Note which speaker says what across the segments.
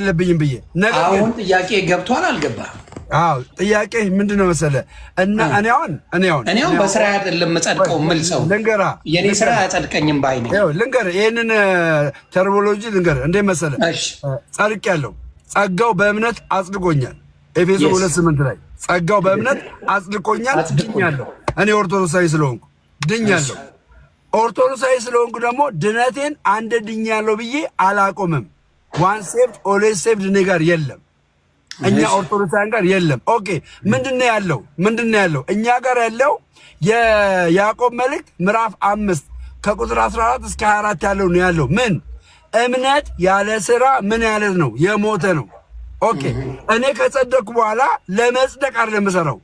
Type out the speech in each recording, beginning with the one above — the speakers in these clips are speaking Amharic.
Speaker 1: የለብኝም ብዬ አሁን ጥያቄ ገብቷል። አልገባ?
Speaker 2: አዎ ጥያቄ ምንድን ነው መሰለ እና እኔ አሁን እኔ አሁን
Speaker 1: እኔ አሁን በስራ አይደለም የምጸድቀው የምል ሰው ልንገርህ፣ የኔ ስራ አያጸድቀኝም ባይ ነኝ።
Speaker 2: ልንገርህ፣ ይህንን ተርቦሎጂ ልንገርህ እንዴት መሰለህ ጸድቅ ያለው ጸጋው በእምነት አጽድቆኛል። ኤፌሶ ሁለት ስምንት ላይ ጸጋው በእምነት አጽድቆኛል፣ ድኛለሁ። እኔ ኦርቶዶክሳዊ ስለሆንኩ ድኛለሁ። ኦርቶዶክሳዊ ስለሆንኩ ደግሞ ድነቴን አንድ ድኛለሁ ብዬ አላቆምም። ዋን ሴቭድ ኦልዌይስ ሴቭድ እኔ ጋር የለም። እኛ ኦርቶዶክሳን ጋር የለም። ኦኬ ምንድነው ያለው? ምንድነው ያለው? እኛ ጋር ያለው የያዕቆብ መልእክት ምዕራፍ አምስት ከቁጥር 14 እስከ 24 ያለው ነው ያለው። ምን እምነት ያለ ስራ ምን ያለት ነው? የሞተ ነው። ኦኬ እኔ ከጸደቅኩ በኋላ ለመጽደቅ አይደለም የምሰራው።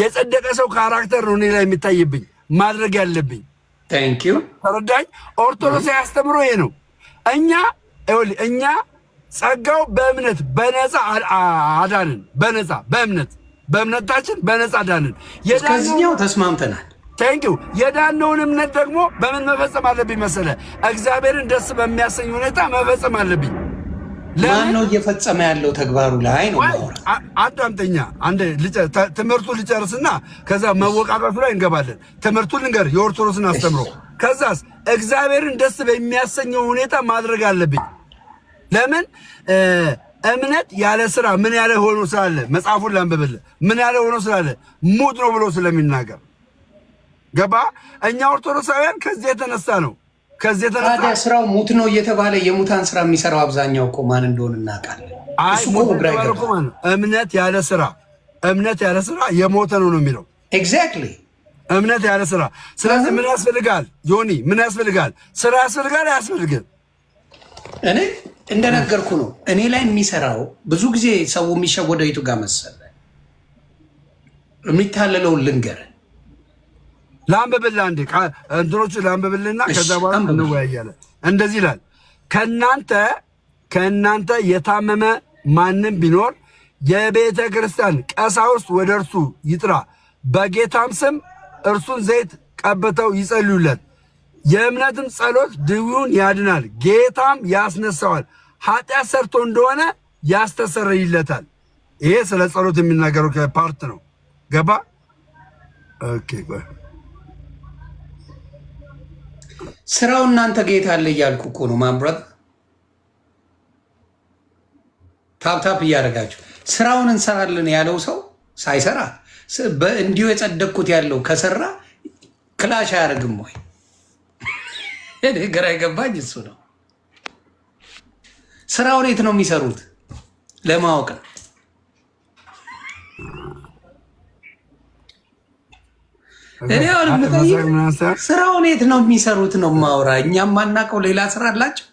Speaker 2: የጸደቀ ሰው ካራክተር ነው እኔ ላይ የሚታይብኝ ማድረግ ያለብኝ። ተረዳኝ። ኦርቶዶክስ ያስተምሮ ይሄ ነው። እኛ እኛ ጸጋው በእምነት በነፃ አዳንን። በነፃ በእምነት በእምነታችን በነፃ አዳንን።
Speaker 1: ከዚህኛው ተስማምተናል።
Speaker 2: ቴንኪው የዳነውን እምነት ደግሞ በምን መፈጸም አለብኝ መሰለ? እግዚአብሔርን ደስ በሚያሰኝ ሁኔታ መፈጸም አለብኝ።
Speaker 1: ለምን ነው እየፈጸመ ያለው ተግባሩ ላይ ነው።
Speaker 2: አዳምጠኛ አንድ ትምህርቱ ልጨርስና ከዛ መወቃቀፍ ላይ እንገባለን። ትምህርቱ ልንገር የኦርቶዶክስን አስተምሮ ከዛስ እግዚአብሔርን ደስ በሚያሰኘው ሁኔታ ማድረግ አለብኝ። ለምን እምነት ያለ ስራ ምን ያለ ሆኖ ስላለ መጽሐፉን ላንብብልህ። ምን ያለ ሆኖ ስላለ ሙት ነው ብሎ ስለሚናገር ገባ። እኛ ኦርቶዶክሳውያን ከዚህ የተነሳ ነው ከዚህ የተነሳ
Speaker 1: ታዲያ ስራው ሙት ነው እየተባለ የሙታን ስራ የሚሰራው አብዛኛው እኮ ማን እንደሆን እናውቃለን።
Speaker 2: እምነት ያለ ስራ እምነት ያለ ስራ የሞተ ነው ነው የሚለው ኤግዛክትሊ እምነት ያለ ስራ። ስለዚህ ምን ያስፈልጋል ዮኒ? ምን ያስፈልጋል? ስራ ያስፈልጋል አያስፈልግም?
Speaker 1: እኔ እንደነገርኩ ነው። እኔ ላይ የሚሰራው ብዙ ጊዜ ሰው የሚሸወደው የቱ ጋር መሰለ የሚታለለው ልንገር
Speaker 2: ላንብብልህ፣ አንዴ እንትኖቹ ላንብብልህና ከዛ በኋላ እንወያያለን። እንደዚህ ይላል ከእናንተ ከእናንተ የታመመ ማንም ቢኖር የቤተ ክርስቲያን ቀሳውስት ወደ እርሱ ይጥራ፣ በጌታም ስም እርሱን ዘይት ቀብተው ይጸልዩለት የእምነትም ጸሎት ድውዩን ያድናል፣ ጌታም ያስነሳዋል፣ ኃጢአት ሰርቶ እንደሆነ ያስተሰርይለታል። ይሄ ስለ ጸሎት የሚናገረው ፓርት ነው። ገባ?
Speaker 1: ኦኬ። ስራው እናንተ ጌታ አለ እያልኩ እኮ ነው ማምብረት ታፕታፕ እያደረጋችሁ ስራውን እንሰራለን ያለው ሰው ሳይሰራ እንዲሁ የጸደቅኩት ያለው ከሰራ ክላሽ አያደርግም ወይ? እኔ ግራ የገባኝ እሱ ነው። ስራውን የት ነው የሚሰሩት ለማወቅ ስራ ስራውን የት ነው የሚሰሩት ነው ማውራ። እኛ ማናቀው ሌላ ስራ አላቸው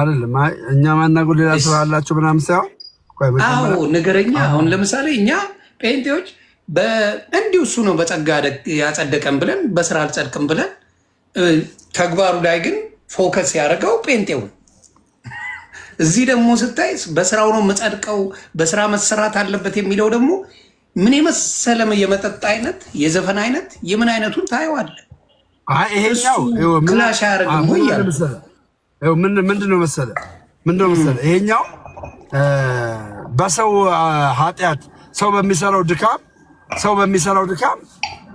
Speaker 2: አይደለም። እኛ ማናቀው ሌላ ስራ አላቸው ምናምን ሳይሆን
Speaker 1: አዎ ንገረኛ። አሁን ለምሳሌ እኛ ጴንጤዎች እንዲሁ እሱ ነው በጸጋ ያጸደቀን ብለን በስራ አልጸድቅም ብለን ተግባሩ ላይ ግን ፎከስ ያደረገው ጴንጤው። እዚህ ደግሞ ስታይ በስራው ነው የምጸድቀው፣ በስራ መሰራት አለበት የሚለው ደግሞ ምን የመሰለ የመጠጥ አይነት የዘፈን አይነት የምን አይነቱን ታየዋለህ። ክላሽ አያደርግም ወይ
Speaker 2: ነው መሰለ ነው መሰለ ይሄኛው በሰው ኃጢአት ሰው በሚሰራው ድካም ሰው በሚሰራው ድካም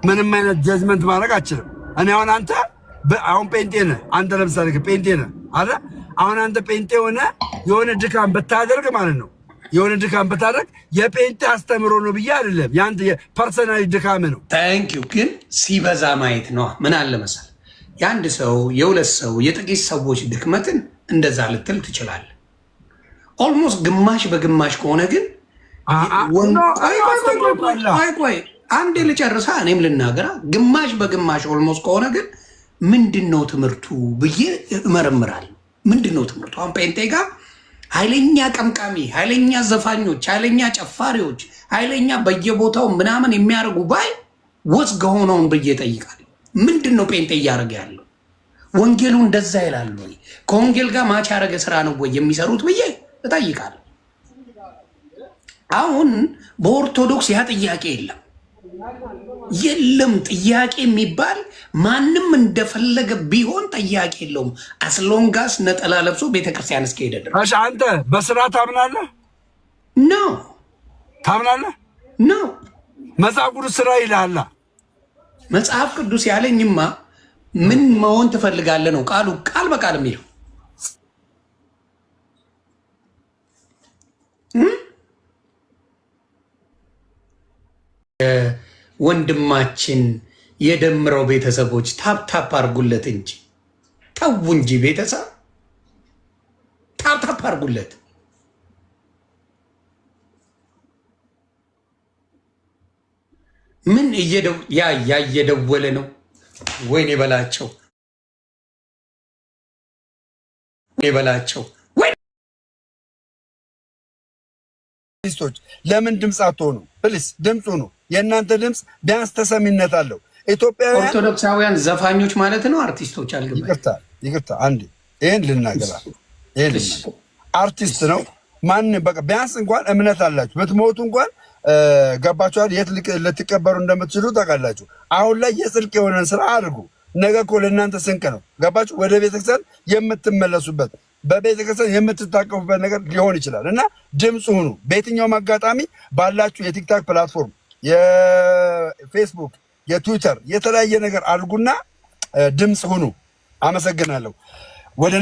Speaker 2: ምንም አይነት ጀጅመንት ማድረግ አችልም። እኔ አሁን አንተ አሁን ጴንጤ ነህ አንተ፣ ለምሳሌ ጴንጤ ነህ አይደል? አሁን አንተ ጴንጤ ሆነ የሆነ ድካም ብታደርግ ማለት ነው የሆነ ድካም ብታደርግ የጴንጤ አስተምሮ ነው ብዬ አይደለም፣ የአንተ የፐርሰናል ድካም ነው።
Speaker 1: ታንኪዩ ግን ሲበዛ ማየት ነው። ምን አለ መሰል የአንድ ሰው የሁለት ሰው የጥቂት ሰዎች ድክመትን እንደዛ ልትል ትችላለህ። ኦልሞስት ግማሽ በግማሽ ከሆነ ግን ቆይ አንዴ ልጨርሳ እኔም ልናገራ። ግማሽ በግማሽ ኦልሞስት ከሆነ ግን ምንድን ነው ትምህርቱ ብዬ እመረምራል። ምንድን ነው ትምህርቱ? አሁን ጴንጤ ጋር ኃይለኛ ቀምቃሚ፣ ኃይለኛ ዘፋኞች፣ ኃይለኛ ጨፋሪዎች፣ ኃይለኛ በየቦታው ምናምን የሚያደርጉ ባይ ወዝ ከሆነውን ብዬ ጠይቃል። ምንድን ነው ጴንጤ እያደረገ ያለው? ወንጌሉ እንደዛ ይላሉ ወይ? ከወንጌል ጋር ማች ያደረገ ስራ ነው ወይ የሚሰሩት ብዬ እጠይቃል። አሁን በኦርቶዶክስ ያ ጥያቄ የለም። የለም ጥያቄ የሚባል ማንም እንደፈለገ ቢሆን ጥያቄ የለውም። አስሎንጋስ ነጠላ ለብሶ ቤተክርስቲያን እስከሄደ
Speaker 2: ድረስ። አንተ በስራ ታምናለህ ነው? ታምናለህ ነው? መጽሐፍ ቅዱስ ስራ ይልሃል።
Speaker 1: መጽሐፍ ቅዱስ ያለኝማ ምን መሆን ትፈልጋለህ ነው ቃሉ፣ ቃል በቃል የሚለው እ ወንድማችን የደምረው ቤተሰቦች ታፕታፕ አርጉለት እንጂ ተው እንጂ ቤተሰብ ታፕታፕ አርጉለት። ምን ያ እየደወለ ነው? ወይኔ በላቸው በላቸው
Speaker 2: ለምን ድምፅ አትሆኑ? ፕሊስ ድምፁ ነው የእናንተ ድምፅ ቢያንስ ተሰሚነት አለው።
Speaker 1: ኢትዮጵያውያን ኦርቶዶክሳውያን ዘፋኞች ማለት ነው፣ አርቲስቶች
Speaker 2: አልገባኝም። ይቅርታ ይቅርታ፣ አንዴ ይህን ልናገራ፣ ይህን አርቲስት ነው ማን በቃ ቢያንስ እንኳን እምነት አላችሁ ብትሞቱ እንኳን ገባችኋል፣ የት ልትቀበሩ እንደምትችሉ ታውቃላችሁ። አሁን ላይ የጽድቅ የሆነን ስራ አድርጉ። ነገ እኮ ለእናንተ ስንቅ ነው። ገባችሁ? ወደ ቤተክርስቲያን የምትመለሱበት በቤተክርስቲያን የምትታቀፉበት ነገር ሊሆን ይችላል እና ድምፅ ሁኑ። በየትኛውም አጋጣሚ ባላችሁ የቲክታክ ፕላትፎርም የፌስቡክ፣ የትዊተር የተለያየ ነገር አድርጉና ድምፅ ሁኑ። አመሰግናለሁ። ወደ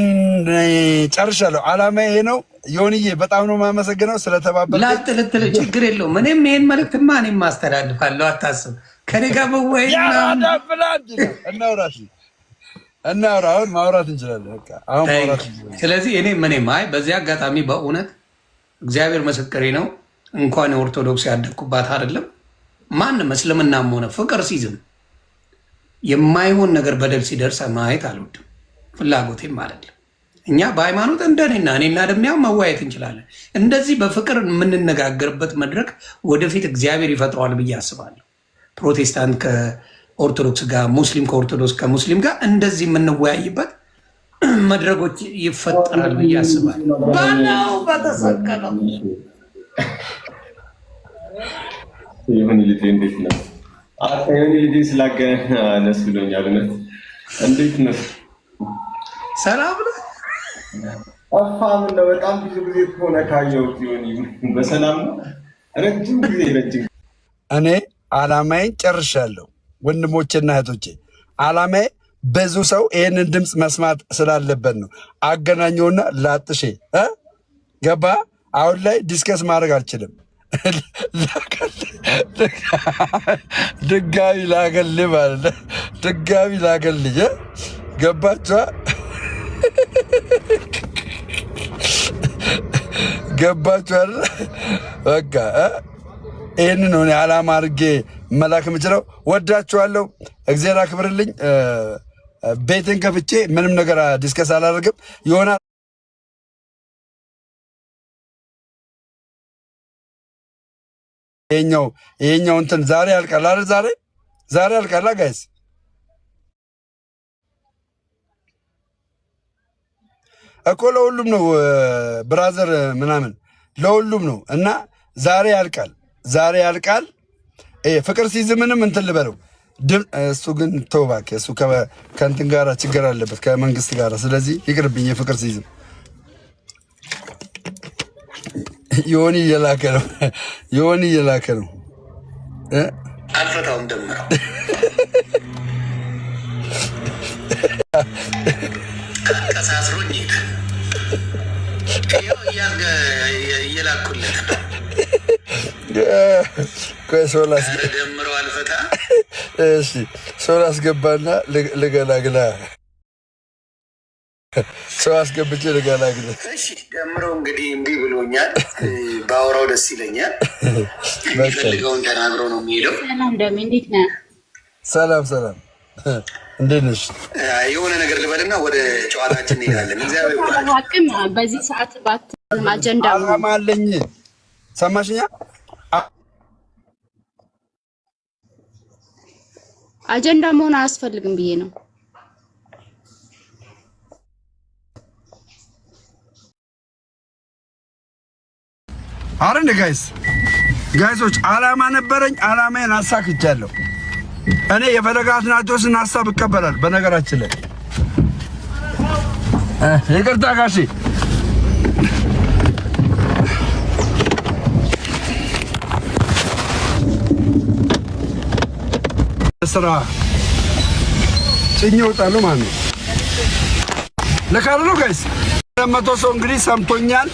Speaker 2: ጨርሻለሁ። አላማ ይሄ ነው። ዮኒዬ በጣም ነው የማመሰግነው ስለተባበረ ላጥልጥል ችግር የለውም። እኔም ይሄን መልዕክትማ እኔም ማስተላልፋለሁ። አታስብ ከኔ ጋር በወይ እናውራሽ እናውራ። አሁን ማውራት እንችላለን። በቃ አሁን ማውራት ስለዚህ እኔም እኔም አይ በዚህ አጋጣሚ በእውነት እግዚአብሔር ምስክሬ ነው። እንኳን የኦርቶዶክስ ያደግኩባት አይደለም ማንም እስልምናም ሆነ ፍቅር ሲዝም የማይሆን ነገር በደል ሲደርስ ማየት አልወድም፣ ፍላጎቴም አይደለም። እኛ በሃይማኖት እንደኔና እኔና ደሚያ መወያየት እንችላለን። እንደዚህ በፍቅር የምንነጋገርበት መድረክ ወደፊት እግዚአብሔር ይፈጥረዋል ብዬ አስባለሁ። ፕሮቴስታንት ከኦርቶዶክስ ጋር፣ ሙስሊም ከኦርቶዶክስ ከሙስሊም ጋር እንደዚህ የምንወያይበት መድረኮች ይፈጠራል ብዬ አስባለሁ። በተሰቀለው የሆን ልጅ እንዴት ነው? የሆን ልጅ ስላገናኘን ደስ ብሎኛል። እውነት እንዴት ነው? ሰላም ነው? ጠፋ። ነው? በጣም ብዙ ጊዜ ከሆነ ካየሁት ይሁን በሰላም ነው? ረጅም ጊዜ ረጅም እኔ አላማዬን ጨርሻለሁ። ወንድሞቼና እህቶቼ አላማዬ ብዙ ሰው ይህንን ድምፅ መስማት ስላለበት ነው። አገናኘውና ላጥሼ ገባ። አሁን ላይ ዲስከስ ማድረግ አልችልም። ድጋሚ ላገል ማለት ድጋሚ ላገል ገባቻ ገባችኋል። በቃ ይህንን ሆኔ አላማ አድርጌ መላክ የምችለው ወዳችኋለሁ። እግዜር አክብርልኝ። ቤትን ከፍቼ ምንም ነገር ዲስከስ አላደርግም ይሆናል። ይሄኛው ይሄኛው እንትን ዛሬ ያልቃል አይደል? ዛሬ ዛሬ ያልቃል ጋይስ። እኮ ለሁሉም ነው ብራዘር ምናምን ለሁሉም ነው። እና ዛሬ ያልቃል፣ ዛሬ ያልቃል። ፍቅር ሲዝ ምንም እንትን ልበለው እሱ ግን ተው እባክህ፣ እሱ ከእንትን ጋር ችግር አለበት ከመንግስት ጋር ስለዚህ ይቅርብኝ የፍቅር ሲዝም የሆን እየላከ ነው። የሆን እየላከ ነው። አልፈታውም ደምረው ቀሳስሮኝ እየላኩለት አልፈታ። እሺ ልገላግላ ሰው አስገብቼ ልገላግል። እሺ ደምሮ እንግዲህ እምቢ ብሎኛል። በአውራው ደስ ይለኛል። ፈልገውን ተናግሮ ነው የሚሄደው። ሰላም ሰላም እንዴት ነሽ? የሆነ ነገር ልበልና ወደ ጨዋታችን እንሄዳለን። እግዚአብሔር በዚህ ሰዓት ባት አጀንዳ አለኝ። ሰማሽኛ አጀንዳ መሆን አያስፈልግም ብዬ ነው አረ ጋይስ ጋይሶች አላማ ነበረኝ፣ አላማዬን አሳክቻለሁ። እኔ የፈለገ አትናጆስን ሀሳብ እቀበላለሁ። በነገራችን ላይ ይቅርታ ጋሺ ስራ ጭኝ ይወጣሉ ማለት ነው። ለካሉ ጋይስ፣ መቶ ሰው እንግዲህ ሰምቶኛል።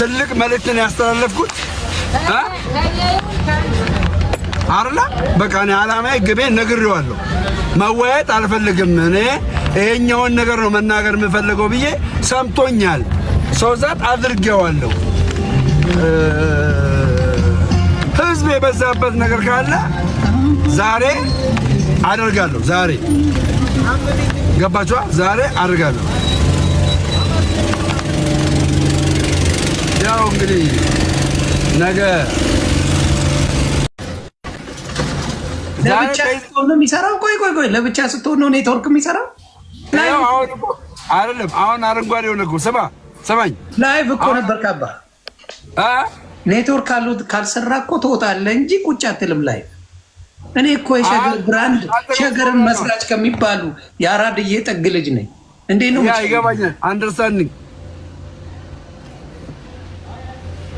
Speaker 2: ትልቅ መልእክትን ያስተላለፍኩት አርላ በቃ እኔ አላማዬ ግቤ ነግሬዋለሁ። መወያየት አልፈልግም። እኔ ይሄኛውን ነገር ነው መናገር የምፈልገው ብዬ ሰምቶኛል። ሰው ዛት አድርጌዋለሁ። ህዝብ የበዛበት ነገር ካለ ዛሬ አደርጋለሁ። ዛሬ ገባችኋ? ዛሬ አደርጋለሁ። ያው እንግዲህ ነገ ለብቻ ስትሆን ነው የሚሰራው። ቆይ ቆይ ቆይ ለብቻ ስትሆን ነው ኔትወርክ የሚሰራው። አይደለም አሁን አረንጓዴ ሆነ እኮ ስማ፣ ስማኝ ላይቭ እኮ ነበር ካባ ኔትወርክ ካልሰራ እኮ ትወጣለህ እንጂ ቁጭ አትልም ላይቭ። እኔ እኮ የሸገር ብራንድ ሸገርን መስራች ከሚባሉ የአራድዬ ጠግ ልጅ ነኝ። እንዴት ነው ይገባኛል። አንደርስታንዲንግ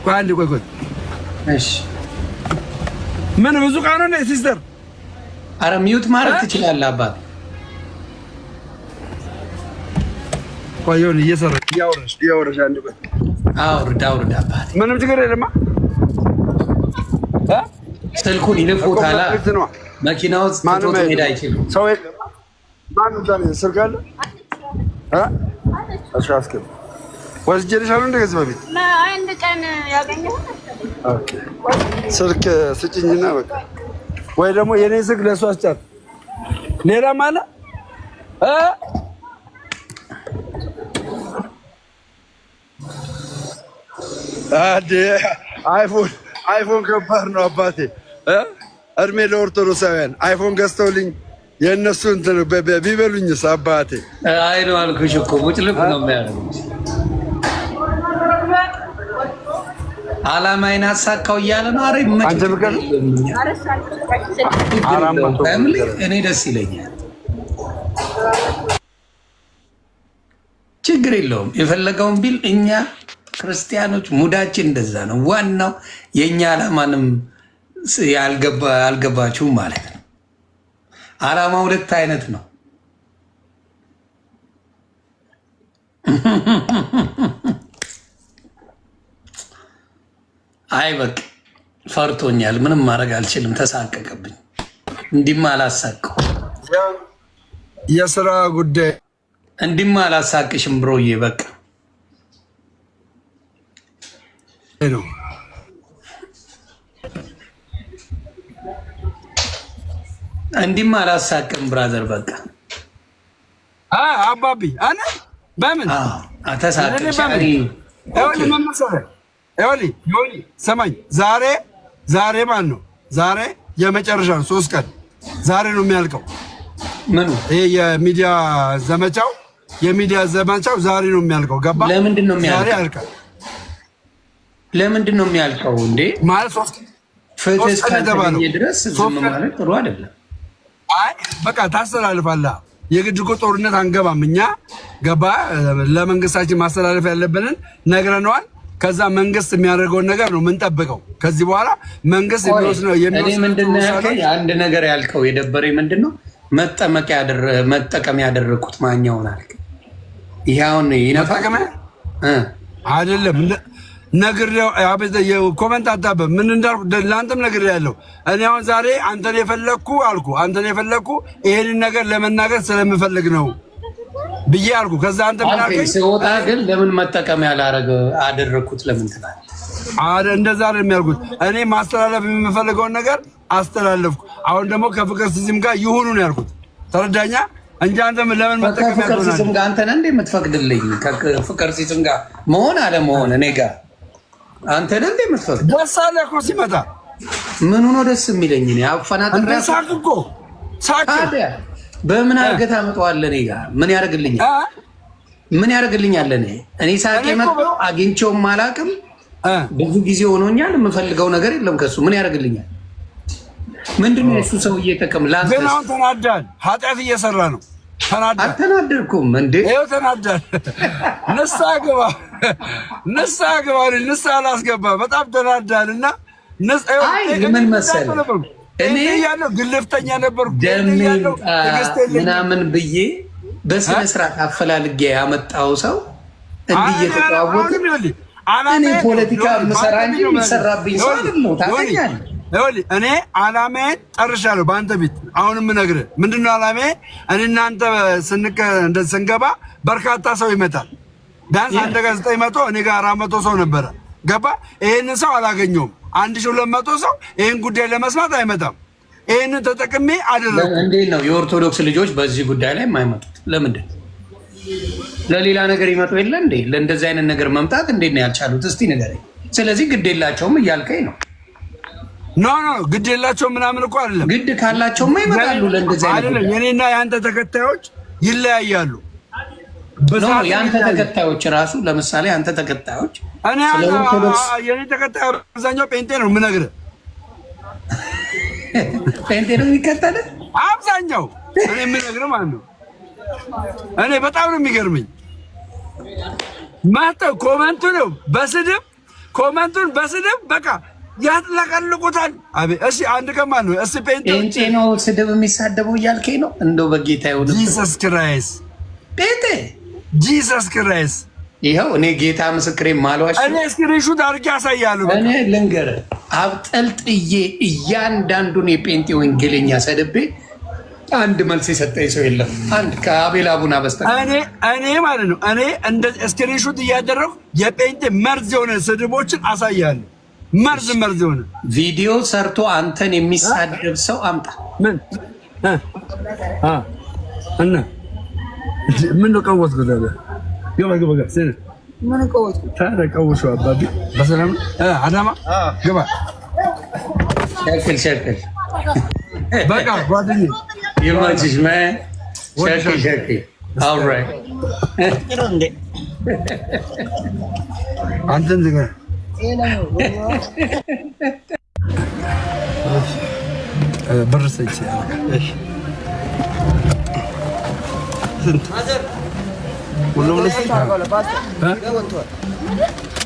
Speaker 2: ቆይ አንዴ፣ ቆይ ቆይ። እሺ ምን ብዙ ቃኑ ነው ሲስተር? አረ ሚዩት ማድረግ ትችላለህ አባት። ቆይ ይሁን፣ እየሰራች እያወራሽ እያወራሽ። አንዴ ቆይ፣ አውርድ አውርድ አባት። ምንም ችግር የለማ። ስልኩን ይንቁታል። መኪና መኪናው ማንም ሄድ አይችልም። ሰው ማንም ስልክ አለ እ እሺ አስገባ ወስጄልሻለሁ እንደ ከዚህ በፊት አንድ ቀን ያገኘሁት ስልክ ስጭኝና በቃ ወይ ደግሞ የኔ ስልክ ለእሱ አስጫት። ሌላ ማለ እ አዲ አይፎን አይፎን ከባድ ነው አባቴ እ እድሜ ለኦርቶዶክሳውያን አይፎን ገዝተውልኝ የእነሱ እንትን ቢበሉኝስ አባቴ። አይ ነው አልኩሽ እኮ ሙጭልቅ ነው የሚያደርጉት አላማዬን አሳካው እያለ ነው። አረ እኔ ደስ ይለኛል። ችግር የለውም የፈለገውን ቢል። እኛ ክርስቲያኖች ሙዳችን እንደዛ ነው። ዋናው የእኛ አላማንም አልገባችሁም ማለት ነው። አላማ ሁለት አይነት ነው። አይ በቃ ፈርቶኛል። ምንም ማድረግ አልችልም። ተሳቀቀብኝ። እንዲማ አላሳቅሁ የስራ ጉዳይ እንዲማ አላሳቅሽም ብሮዬ በቃ ነው። እንዲማ አላሳቅም ብራዘር በቃ አባቢ አነ በምን ተሳቅሽ ዮኒ ሰማኝ። ዛሬ ዛሬ ማን ነው? ዛሬ የመጨረሻ ነው። ሶስት ቀን ዛሬ ነው የሚያልቀው። ምኑ ይሄ የሚዲያ ዘመቻው የሚዲያ ዘመቻው ዛሬ ነው የሚያልቀው። ገባ? ለምንድን ነው የሚያልቀው? ዛሬ ያልቃል። ለምንድን ነው የሚያልቀው? እንዴ ማለት ሶስት ፍትህ እስካልተገኘ ድረስ ዝም ማለት ጥሩ አይደለም። አይ በቃ ታስተላልፋለህ። የግድ እኮ ጦርነት አንገባም እኛ ገባ። ለመንግስታችን ማስተላለፍ ያለብንን ነግረነዋል። ከዛ መንግስት የሚያደርገውን ነገር ነው የምንጠብቀው። ከዚህ በኋላ መንግስት አንድ ነገር ያልከው የደበሬ ምንድን ነው መጠቀሚያ ያደረግኩት ማኛውን አልክ። ይሄ አሁን ይነፋል አይደለም ነግር ኮመንት አታበ ምን እንዳልኩ ለአንተም ነግር ያለው እኔ አሁን ዛሬ አንተን የፈለግኩ አልኩ። አንተን የፈለግኩ ይህንን ነገር ለመናገር ስለምፈልግ ነው ብዬ አልኩ። ከዛ አንተ ምን አልከኝ? ስወጣ ግን ለምን መጠቀሚያ ላረገ አደረግኩት ለምን ትላለህ? እንደዛ አይደል የሚያልኩት። እኔ ማስተላለፍ የምፈልገውን ነገር አስተላለፍኩ። አሁን ደግሞ ከፍቅር ሲዝም ጋር ይሁኑ ነው ያልኩት። ተረዳኛ እንጂ አንተ ለምን መጠቀም ከፍቅር ሲዝም ጋር አንተ ነህ እንዴ የምትፈቅድልኝ? ከፍቅር ሲዝም ጋር መሆን አለመሆን እኔ ጋር አንተ ነህ እንዴ የምትፈቅድ? ደስ አለ እኮ ሲመጣ ምን ሆኖ ደስ የሚለኝ እኔ አፈናጥ ሳቅ እኮ ሳቅ በምን አድርገህ ታመጣዋለህ? እኔ ጋር ምን ያደርግልኛል? ምን ያደርግልኛል? እኔ እኔ ሳቄ መጣው አግኝቼውም አላውቅም። ብዙ ጊዜ ሆኖኛል። የምፈልገው ነገር የለም ከሱ። ምን ያደርግልኛል? ምንድን ነው እሱ ሰውዬ ጥቅም? ግን አሁን ተናዳል። ኃጢአት እየሰራ ነው። ተናዳል። አልተናደድኩም እንዴ? ይኸው ተናዳል። ንስሓ ግባ፣ ንስሓ ግባ። ንስሓ አላስገባ። በጣም ተናዳል እና ምን መሰለህ እኔ ያለው ግልፍተኛ ነበር ምናምን ብዬ በስነ ስርዓት አፈላልጌ ያመጣው ሰው እንዲህ እየተጫወተ እኔ ፖለቲካ ምሰራ እንጂ የሚሰራብኝ ሰው ነው። ታገኛለህ። እኔ አላማዬን ጠርሻለሁ። በአንተ ቤት አሁን የምነግርህ ምንድን ነው አላማዬ? እኔ እናንተ ስንገባ በርካታ ሰው ይመጣል። ቢያንስ አንተ ጋር ዘጠኝ መቶ እኔ ጋር አራት መቶ ሰው ነበረ። ገባ ይህንን ሰው አላገኘውም አንድ ሺህ ሁለት መቶ ሰው ይህን ጉዳይ ለመስማት አይመጣም። ይህንን ተጠቅሜ አደረግ። እንዴት ነው የኦርቶዶክስ ልጆች በዚህ ጉዳይ ላይ የማይመጡት? ለምንድን ለሌላ ነገር ይመጡ የለ እንዴ? ለእንደዚህ አይነት ነገር መምጣት እንዴት ነው ያልቻሉት? እስቲ ንገረኝ። ስለዚህ ግድ የላቸውም እያልከኝ ነው? ኖ ኖ ግድ የላቸው ምናምን እኮ አይደለም። ግድ ካላቸውማ ይመጣሉ። ለእንደዚህ አይነት የኔና የአንተ ተከታዮች ይለያያሉ። ያንተ ተከታዮች ራሱ ለምሳሌ አንተ ተከታዮች እኔ የኔ ተከታይ አብዛኛው ጴንጤ ነው የምነግርህ። ጴንጤ ነው የሚከተልህ አብዛኛው እኔ ማለት ነው። እኔ በጣም ነው የሚገርምኝ ማታ ኮመንቱ በስድብ ኮመንቱን በስድብ በቃ ያጥለቀልቁታል። አቤ እሺ፣ አንድ ቀን ማለት ነው ጴንጤ ነው ስድብ የሚሳደበው እያልከኝ ነው? እንደው በጌታ ይሁን። ጂሰስ ክራይስ ጴንጤ ጂሰስ ክራይስ ይኸው እኔ ጌታ ምስክሬ ማሏሽ እኔ እስክሪንሹት አድርጌ አሳያለሁ። እኔ ልንገርህ አብጠልጥዬ እያንዳንዱን የጴንጤ ወንጌለኛ ሰድቤ አንድ መልስ የሰጠኝ ሰው የለም። አንድ ከአቤል አቡና በስተቀር እኔ ማለት ነው። እኔ እንደ እስክሪንሹት እያደረኩ የጴንጤ መርዝ የሆነ ስድቦችን አሳያለሁ። መርዝ መርዝ የሆነ ቪዲዮ ሰርቶ አንተን የሚሳደብ ሰው አምጣ። ምን ምን ነው ቀወት ግባ ግባ ግባ። ምን ቀወጥኩ? ተቀወጥኩ። አባቢ በሰላም አዳማ ግባ። ሸክል ሸክል በቃ ጓደኛዬ ይመችሽ። ሸክል ሸክል አንተን ዝጋ ብር ሰጭ Belum listrik. Ha?